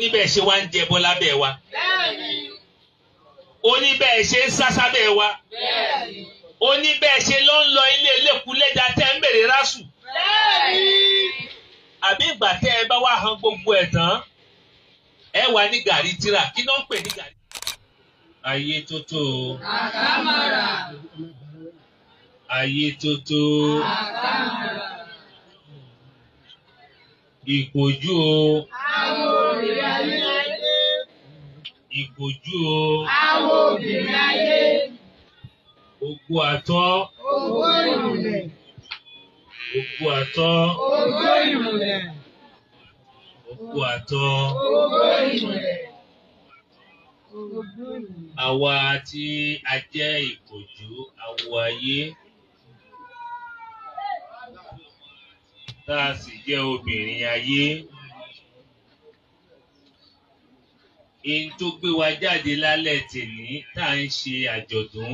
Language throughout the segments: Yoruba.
oníbẹ̀ ṣe wá ń jẹbọ lábẹ́ wa oníbẹ̀ ṣe ń sásábẹ́ wa oníbẹ̀ ṣe ló ń lọ ilé lẹ́kúlẹ́dà tẹ́ ń bèrè rásù àbí ìgbà tẹ́ ẹ bá wá han gbogbo ẹ̀ tán ẹ wà ní gàrí tíra kí ló ń pè ní gàrí. ayé tótó. àkàmàrà. ayé tótó. àkàmàrà. ìpọ́jú o. Ìgbójú o. Àwọn obìnrin ayé. Ògo àtọ́. Ògo ìrùlẹ̀. Ògo àtọ́. Ògo ìrùlẹ̀. Ògo àtọ́. Ògo ìrùlẹ̀. Àwa tí a jẹ́ ìgbòjú àwọ̀ ayé tá a sì jẹ́ obìnrin ayé. in tó gbé wa jáde lálẹ́ tèmi tá à ń ṣe àjọ̀dún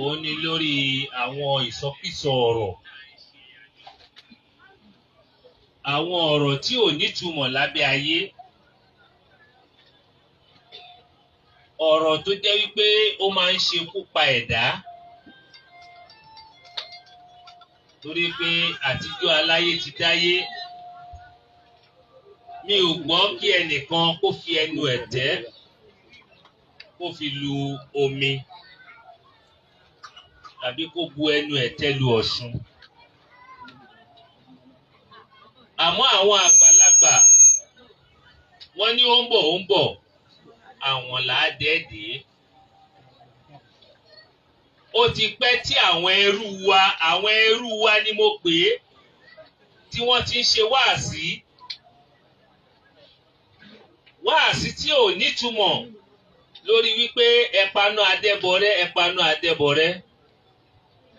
òun ni lórí àwọn ìsọkísọ ọ̀rọ̀ àwọn ọ̀rọ̀ tí ò nítumọ̀ lábẹ́ ayé ọ̀rọ̀ tó jẹ́ wípé ó máa ń ṣekú pa ẹ̀dá torí pé àtijọ́ aláyé ti dáyé mi ò gbọ́ kí ẹnìkan kó fi ẹnu ẹ̀tẹ́ kó fi lu omi tàbí kó bu ẹnu ẹ̀tẹ́ lu Ọ̀ṣun. àmọ́ àwọn àgbàlagbà wọ́n ní ó ń bọ̀ ó ń bọ̀ àwọn làádẹ́ẹ̀dẹ́. ó ti pẹ́ tí àwọn ẹrú wa àwọn ẹrú wa ni mo pè é tí wọ́n ti ń ṣe wáàsí wáàsí tí ò nítumọ̀ lórí wípé ẹ̀panu adẹ́bọrẹ́ ẹ̀panu adẹ́bọrẹ́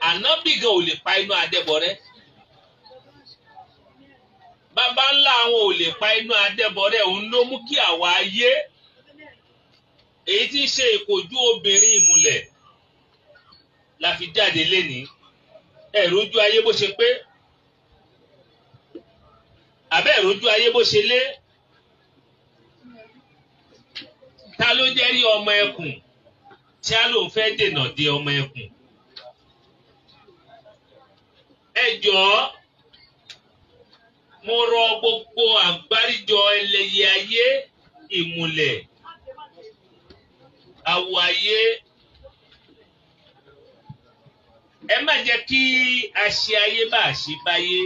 ànábìgàn ò lè pa inú adẹ́bọrẹ́ bàbá ńlá àwọn ò lè pa inú adẹ́bọrẹ́ òun ló mú kí àwa ayé èyí tí ń ṣe ìkòjú obìnrin ìmùlẹ̀ la fi jáde lénìí ẹ̀rọ ojú ayé bó ṣe pé àbẹ́ ẹ̀rọ ojú ayé bó ṣe lé. ta ló jẹ́ rí ọmọ ẹkùn tí a lóun fẹ́ dènà de ọmọ ẹkùn. ẹ jọ̀ọ́ mo rọ gbogbo àgbáríjọ ẹlẹ́yẹ ayé ìmùlẹ̀ àwọ̀ ayé ẹ má jẹ́ kí a ṣe ayé bá a ṣe báyé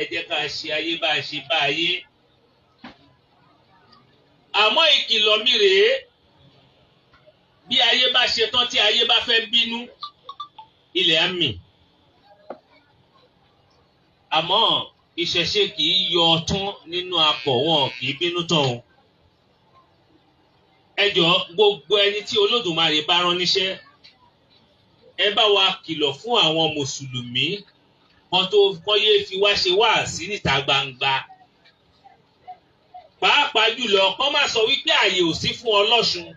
ẹ jẹ́ ká a ṣe ayé bá a ṣe báyé àmọ́ ìkìlọ̀ mi rèé bí ayé bá ṣe tán tí ayé bá fẹ́ bínú ilẹ̀ á mì àmọ́ ìṣẹ̀ṣe kì í yọ ọtún nínú apọ̀ wọn kì í bínú tán o ẹ jọ gbogbo ẹni tí olódùmarè bá rán níṣẹ́ ẹ bá wa kìlọ̀ fún àwọn mùsùlùmí wọn tó kọ́ yé fi wá ṣe wáàsí níta gbangba pàápàá jùlọ kọ́ máa sọ wípé ààyè ò sí fún ọlọ́ṣun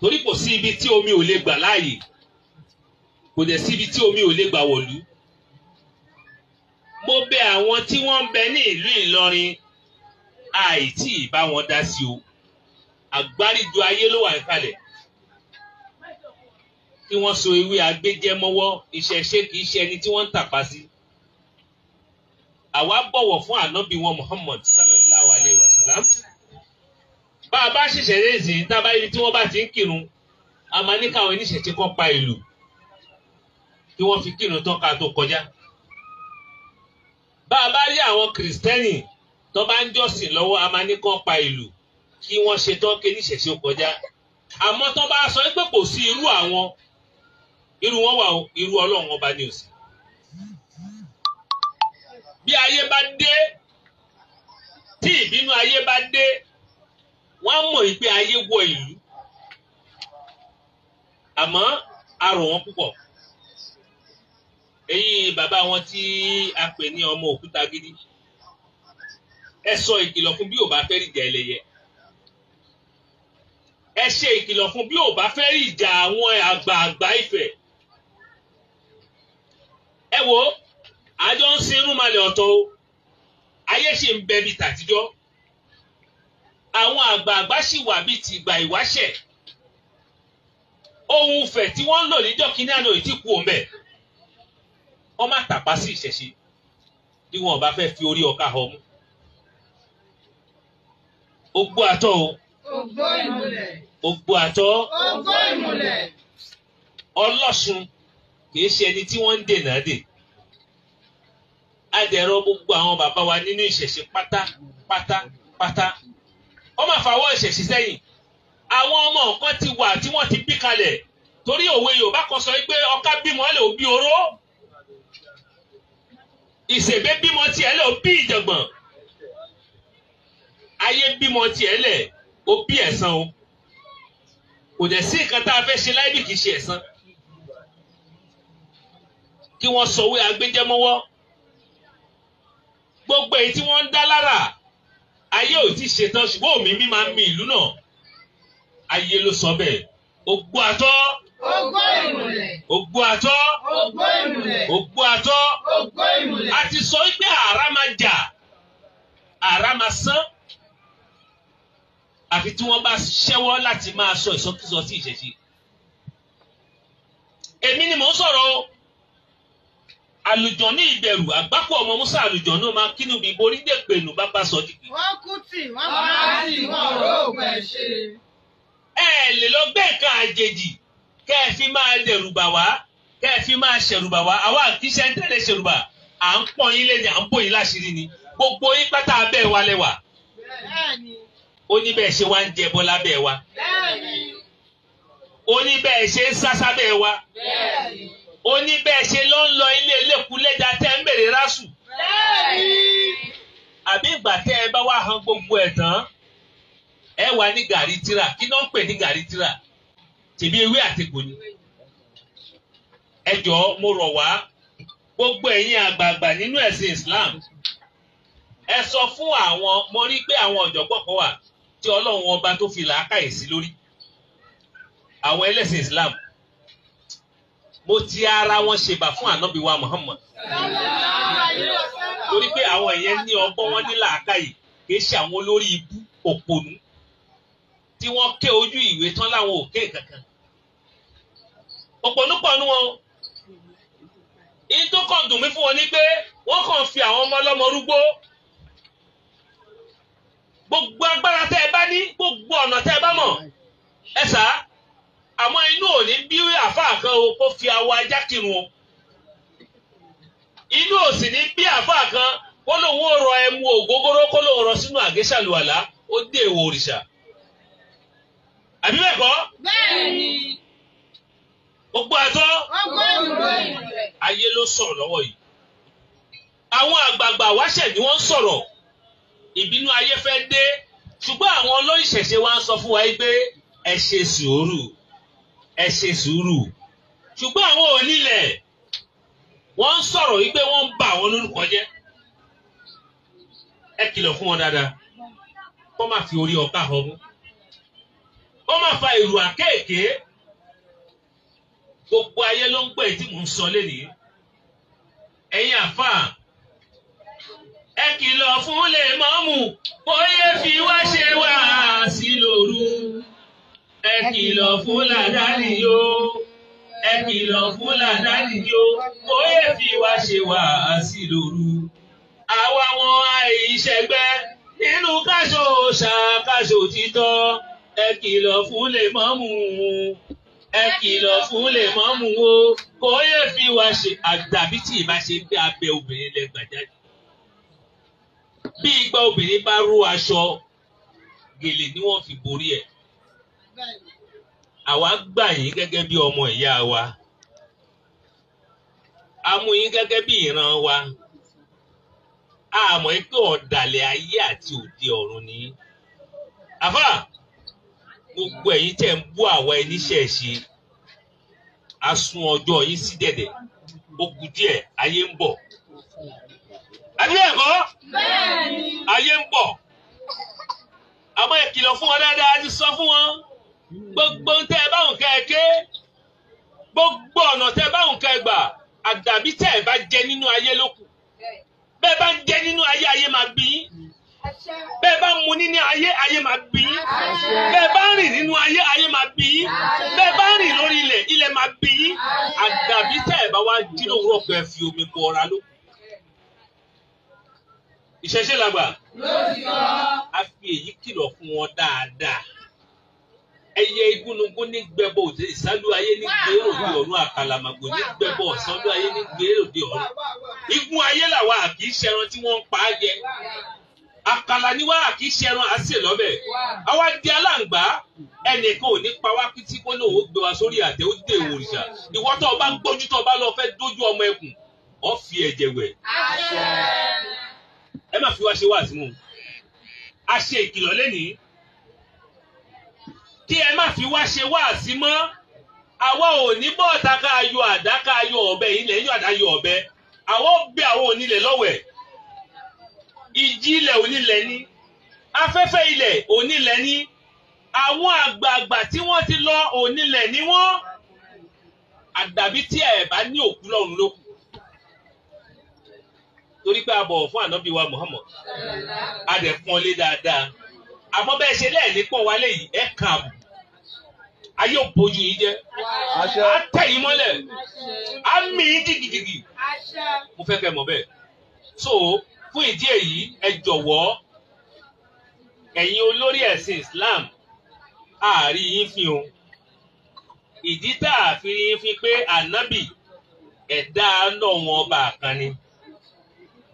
torí kò sí ibi tí omi ò lè gbà láàyè kò dẹ̀ sí ibi tí omi ò lè gbà wọ̀lú. mo bẹ̀ àwọn tí wọ́n ń bẹ ní ìlú Ìlọrin àìtí ìbá wọn dá sí o àgbáríjọ ayé ló wà níkàlẹ̀ kí wọ́n so ewé agbéjẹ́ iṣẹ́ ṣé kìí ṣe ẹni tí wọ́n ń tàpá sí àwa bọ̀wọ̀ fún ànábì wọn Muhammad sallallahu alayhi wa sallam bá a bá ṣẹ̀ṣẹ̀ léèzì tábà ibi tí wọ́n bá ti ń kírun a máa ní káwọn oníṣẹ̀ṣẹ̀ kọ́ pa ìlú kí wọ́n fi kírun tọ́ka tó kọjá bá a bá rí àwọn kìrìsìtẹ́nì tó bá ń jọ́sìn lọ́wọ́ a máa ní kọ́ pa ìlú kí wọ́n ṣe tán kí oníṣẹ̀ṣẹ̀ kọjá àmọ́ tó bá sọ pé kò sí irú àwọn irú wọn wà irú ọlọ́run ọba ni ò sí bí ayé bá dé tí ìbínú ayé bá dé wọ́n mọ̀ ìpè ayé wọ ìlú àmọ́ arò wọn púpọ̀ ẹ̀yin bàbá wọn tí a pè ní ọmọ òkúta gidi ẹ sọ ìkìlọ̀ fún bí ò bá fẹ́ rìjà ẹlẹ́yẹ ẹ ṣe ìkìlọ̀ fún bí ò bá fẹ́ rìjà àwọn àgbààgbà Ifẹ̀ ẹ wò àjọ ń sin irun malẹ̀ ọ̀tọ̀ o ayé sì ń bẹbi tàtijọ́ àwọn àgbààgbà sì wà bíi ti ìgbà ìwáṣẹ̀ ohun ìfẹ́ tí wọ́n ń lò níjọ́ kínní àná ìtì kú òun bẹ̀ wọ́n má tàpá sí ìṣẹ̀ṣe bí wọn bá fẹ́ fi orí ọkà họ mú ogbó àtọ́ o ogbó ìmùlẹ̀ ogbó àtọ́ ogbó ìmùlẹ̀ ọlọ́sùn kì í ṣe ẹni tí wọ́n ń dènà dè. De adẹ̀rọ gbogbo àwọn bàbá wa nínú ìṣẹ̀ṣe pátápátá pátá wọ́n máa fà wọ́n ìṣẹ̀ṣe sẹ́yìn àwọn ọmọ nǹkan ti wà tí wọ́n ti bí kalẹ̀ torí òwe Yorùbá kan sọ pé ọká bímọ ẹ̀ lè bí oró ìṣègbè bímọ tiẹ̀ lẹ̀ ó bí ìjàngbọ̀n ayé bímọ tiẹ̀ lẹ̀ ó bí ẹ̀san o kò dẹ̀ sí nǹkan tá a fẹ́ ṣe láì bí kì í ṣe ẹ̀san kí wọ́n sọ wí agbẹjẹmọ́wọ́ gbogbo èyí tí wọ́n ń dá lára ayé ò ti ṣetán ṣùgbọ́n òmí mi máa ń mi ìlú náà ayé ló sọ bẹ́ẹ̀ ogbó atọ́ ogbó ìmùlẹ̀ ogbó atọ́ ogbó ìmùlẹ̀ ogbó atọ́ ogbó ìmùlẹ̀ a ti sọ pé àrá máa jà àrá máa sán àfi tí wọ́n bá ṣẹ́wọ́ láti máa sọ ìsọkúsọ sí ìṣẹ̀ṣe èmi ni mò ń sọ̀rọ̀ o àlùjọ ní ìbẹ̀rù àgbákò ọmọ musa àlùjọ náà máa kínú mi borí dèpè nù bàbá sọ dìgbì. wọ́n kú tì wọ́n máa tì wọ́n rò pẹ̀ ṣe. ẹ lè lọ gbé nǹkan àjèjì kẹ́ ẹ fi máa dẹ̀rùbà wá kẹ́ ẹ fi máa ṣẹ̀rùbà wá àwa àkíṣẹ́ ń tẹ̀lé ṣẹ̀rùbà à ń pọ̀ yín lẹ́yìn à ń bò yín láṣìírí ni gbogbo yín pátá abẹ́ wa lẹ́wà. ó ní bẹ́ẹ̀ ṣe wá ń jẹ bọ́lá bẹ́ẹ̀ wa. ó ní bẹ́ẹ̀ ṣe ń sáṣá bẹ́ẹ̀ wa. ó ṣe lọ́ ń lọ ilé rásù. àbí ìgbà tẹ́ ẹ bá wá han gbogbo ẹ̀ tán ẹ wà ní gàrí tíra kí ló ń pè ní gàrí tíra tèmi ewé àtẹkù ni. ẹ jọ̀ọ́ mo rọ̀ wá gbogbo ẹ̀yin àgbààgbà nínú ẹ̀sìn Islam ẹ sọ fún àwọn mo rí pé àwọn ọ̀jọ̀gbọ́n kan wà tí ọlọ́run ọba tó fi làákàyè sí lórí àwọn ẹlẹ́sìn Islam mo ti ara wọn ṣèbà fún ànábìwá Muhammad. Yeah lórí pé àwọn ìyẹn ní ọgbọ́n wọn ní làákàyè kìí ṣe àwọn olórí ibú òpònú tí wọ́n ké ojú ìwé tán láwọn òkè kankan òpònú pọ̀ nú wọn ìyí tó kàn dùn mí fún wọn ni pé wọ́n kàn fi àwọn ọmọ ọlọ́mọ rúgbó gbogbo agbára tẹ́ ẹ bá ní gbogbo ọ̀nà tẹ́ ẹ bá mọ̀ ẹ sá àmọ́ inú ò bí àfáà kan o kó fi awọ ajá kírun o nínú òsì ní bí àfáà kan kó lóun ó rọ ẹmu ògógóró kó lóun rọ sínú àgéṣàlùwàlá ó dé èwo òrìṣà àbí bẹ́ẹ̀ kọ́. bẹ́ẹ̀ni. gbogbo àtọ́. gbogbo ìwé ìwé. ayé ló sọ̀rọ̀ lọ́wọ́ yìí. àwọn àgbààgbà wáṣẹ̀ ni wọ́n sọ̀rọ̀ ìbínú ayé fẹ́ dé ṣùgbọ́n àwọn olóyìnṣẹ̀ṣe wa ń sọ fún wa pé ẹ ṣe sùúrù ẹ ṣe sùúrù ṣùgbọ́n àwọn onílẹ̀ wọ́n ń sọ̀rọ̀ wípé wọ́n ń bà àwọn lórúkọ jẹ́ ẹ kìlọ̀ fún wọn dáadáa kó má fi orí ọ̀ka họ́mú ó má fa ìlú àkéèké gbogbo ayé ló ń gbọ́ èyí tí mò ń sọ lénìí ẹ̀yin àfáà ẹ kìlọ̀ fún lè mọ́mù bóyá fi wá ṣe wá sí lóru ẹ kìlọ̀ fún làdáni yóò ẹ kìlọ̀ fún làdáni ni ó kó yẹ fi wá ṣe wà á sí lóru. àwa wọn àìṣẹgbẹ́ nínú káṣọ ṣàkáṣọ títọ́ ẹ kìlọ̀ fún lè mọ́mù ẹ kìlọ̀ fún lè mọ́mù o kó yẹ fi wá ṣe àdàbí tí ìbá ṣe pé abẹ obìnrin lẹ́gbàjáde. bí ìgbà obìnrin bá rú aṣọ gèlè ni wọ́n fi borí ẹ̀ àwa gbà yín gẹ́gẹ́ bí ọmọ ìyá wa a mú yín gẹ́gẹ́ bí ìran wa a mọ̀ pé ọ̀dàlẹ̀ ayé àti òde ọ̀run ni àfà gbogbo ẹ̀yin tẹ̀ ń bú àwa ẹníṣẹ̀ṣe a sún ọjọ́ yín sí dẹ̀dẹ̀ ó kù díẹ̀ ayé ń bọ̀. ibi tẹ́ ẹ bá jẹ nínú ayé ló kù bẹ́ẹ̀ bá ń jẹ nínú ayé ayé máa bí yín bẹ́ẹ̀ bá ń mu nínú ayé ayé máa bí yín bẹ́ẹ̀ bá ń rìn nínú ayé ayé máa bí yín bẹ́ẹ̀ bá ń rìn lórí ilẹ̀ ilẹ̀ máa bí yín àdàbí tẹ́ ẹ bá wá jí lówùrọ̀ pé fi omi bọ ọ̀rá ló kù. làgbà a fi èyí kìlọ̀ fún wọn dáadáa ẹyẹ igúnnugún ní gbẹbọ òde ìsálú ayé ní gbèrò di ọ̀run àkàlàmàgbò ní gbẹbọ ọ̀sánlú ayé ní gbèrò di ọ̀run igun ayé làwa àkì í ṣẹran tí wọ́n ń pa á jẹ àkàlà ni wá àkì í ṣẹran à sè lọ́bẹ̀ àwa di aláǹgbá ẹnìkan ò ní pa wá kí tí kó náà ó gbé wa sórí àtẹ ó dé òrìṣà ìwọ tó o bá gbójú tó o bá lọ fẹ́ dójú ọmọ ẹkùn ọ fi ẹ̀jẹ̀ wẹ̀ ẹ má fi wá ṣe wá àtìmú a ṣe ìkìlọ̀ lẹ́nìí kí ẹ má fi wá ṣe wáàsí mọ́ àwa ò ní bọ́ọ̀tà ká yọ àdá ká yọ ọ̀bẹ ilẹ̀ yọ àdá yọ ọ̀bẹ àwa bẹ àwọn onílẹ̀ lọ́wẹ̀ ìjì ilẹ̀ onílẹ̀ ni afẹ́fẹ́ ilẹ̀ onílẹ̀ ni àwọn àgbààgbà tí wọ́n ti lọ onílẹ̀ ni wọ́n àdàbí tí ẹ̀ bá ní òkú lọ́run ló kù torí pé a bọ̀wọ̀ fún ànábì wa Muhammad a dẹ̀ pọ́n lé dáadáa àmọ́ bẹ́ẹ̀ ṣe lẹ́ẹ̀ ní pọ̀ wálé yìí ẹ̀ kàn ayé òbójú yìí jẹ́ á tẹ̀ yín mọ́lẹ̀ á mì yín dìgìdìgì mo fẹ́ kẹ́ mọ̀ bẹ́ẹ̀ so fún ìdí èyí ẹ jọ̀wọ́ ẹ̀yin olórí ẹ̀sìn Islam àárí yín fi hàn ìdí tá a fi yín fi pé ànábì ẹ̀dá ọlọ́run ọba kan ni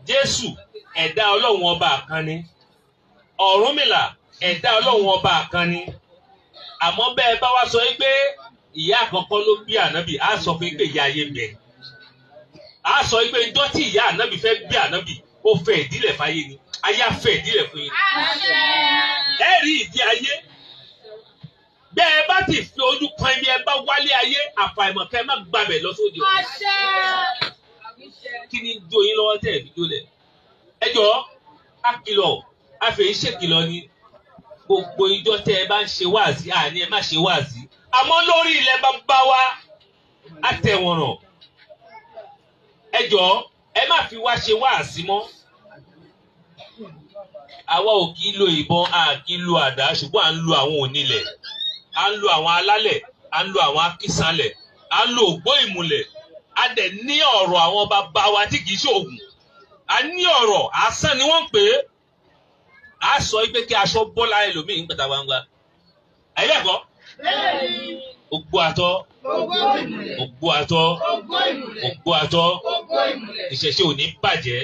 Jésù ẹ̀dá ọlọ́run ọba kan ni Ọ̀rúnmìlà ẹ̀dá ọlọ́run ọba kan ni àmọ́ bẹ́ẹ̀ bá wá sọ pé ìyá àkọ́kọ́ ló bí ànábì á sọ pé pé ìyá ayé bẹ̀ á sọ pé ijọ́ tí ìyá ànábì fẹ́ bí ànábì ó fẹ́ ìdílé fáyé ni aya fẹ́ ìdílé fún yín ẹ rí ìdí ayé bẹ́ẹ̀ bá ti fi ojú kan ẹni ẹ bá wálé ayé àfàìmọ̀ kẹ́ ẹ má gbàbẹ̀ lọ sóde o kí ni jó yín lọ́wọ́ tẹ̀ ẹ̀ fi jólẹ̀ ẹ jọ á kìlọ̀ á fẹ́ iṣẹ́ kìlọ̀ ni gbogbo ìjọ tẹ́ ẹ bá ń ṣe wáàzí àní ẹ má ṣe wáàzí àmọ́ lórí ilẹ̀ bàbá wa àtẹ̀wọ̀ràn ẹ jọ̀ọ́ ẹ má fi wá ṣe wáàzí mọ́ àwa ò kí lo ìbọn a kì í lo àdá ṣùgbọ́n à ń lo àwọn onílẹ̀ à ń lo àwọn alálẹ̀ à ń lo àwọn akísanlẹ̀ à ń lo ògbó ìmùlẹ̀ a dẹ̀ ní ọ̀rọ̀ àwọn bàbá wa tí kì í ṣe òògùn a ní ọ̀rọ̀ asán ni wọ́n pè é a sọ pé kí aṣọ bọ́ lára ẹlòmíì ń pẹ̀tà gbangba àyẹ̀bẹ̀ kọ́ ogbó àtọ́ ogbó àtọ́ ogbó àtọ́ ìṣẹ̀ṣe ò ní bàjẹ́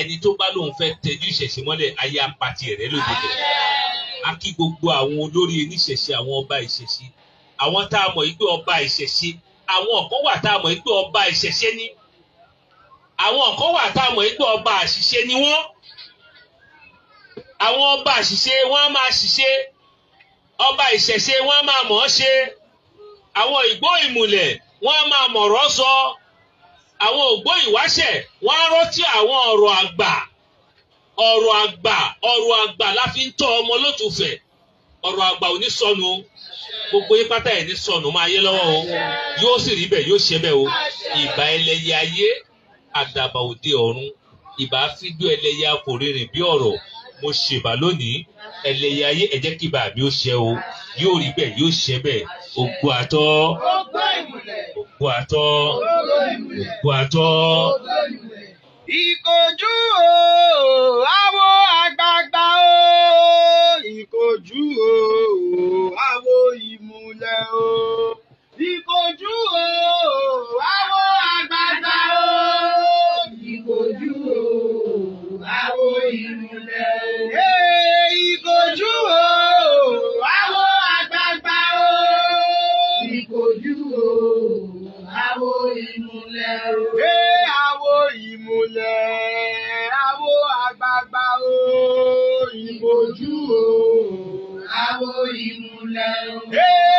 ẹni tó bá lóun fẹ́ tẹjú ìṣẹ̀ṣe mọ́lẹ̀ ayé apàtì rẹ̀ lóde rẹ̀ a kí gbogbo àwọn olórí oníṣẹ̀ṣe àwọn ọba ìṣẹ̀ṣe àwọn tá a mọ̀ yìí pé ọba ìṣẹ̀ṣe àwọn kan wà tá a mọ̀ yìí pé ọba ìṣẹ̀ṣe ni àwọn kan wà tá a mọ̀ yìí pé ọba àṣìṣe ni wọ́n àwọn ọba àṣìṣe wọ́n á máa ṣìṣe ọba ìṣẹ̀ṣe wọ́n á máa mọ̀ ọ́ ṣe àwọn ìgbó ìmùlẹ̀ wọ́n á máa mọ̀rọ̀ sọ àwọn ògbó ìwáṣẹ̀ wọ́n á rántí àwọn ọ̀rọ̀ àgbà ọ̀rọ̀ àgbà ọ̀rọ̀ àgbà la fi ń tọ́ ọmọ lótùfẹ̀ ọ̀rọ̀ àgbà ò sọnù o gbogbo yín pátá ẹ̀ ní sọnù máa yé lọ́wọ́ o yóò sì rí bẹ́ẹ̀ yóò ṣe bẹ́ẹ̀ o ìbà ẹlẹ́yẹ ayé àdàbà òde ọ̀run ìbà fídíò ẹlẹ́yẹ akòrìrìn bí ọ̀rọ̀ mo ṣèbà lónìí ẹlẹ́yà ayé ẹ̀jẹ̀ kíbà mi ó ṣe o yóò rí bẹ́ẹ̀ yóò ṣe bẹ́ẹ̀ ògbó àtọ́ ògbó àtọ́ ògbó àtọ́. ìkọjú o àwọ̀ Àwo ìmùlẹ̀ o. Ẹ àwo ìmùlẹ̀, àwo àgbààgbà o, ìbòjú o. Àwo ìmùlẹ̀ o. Ẹ.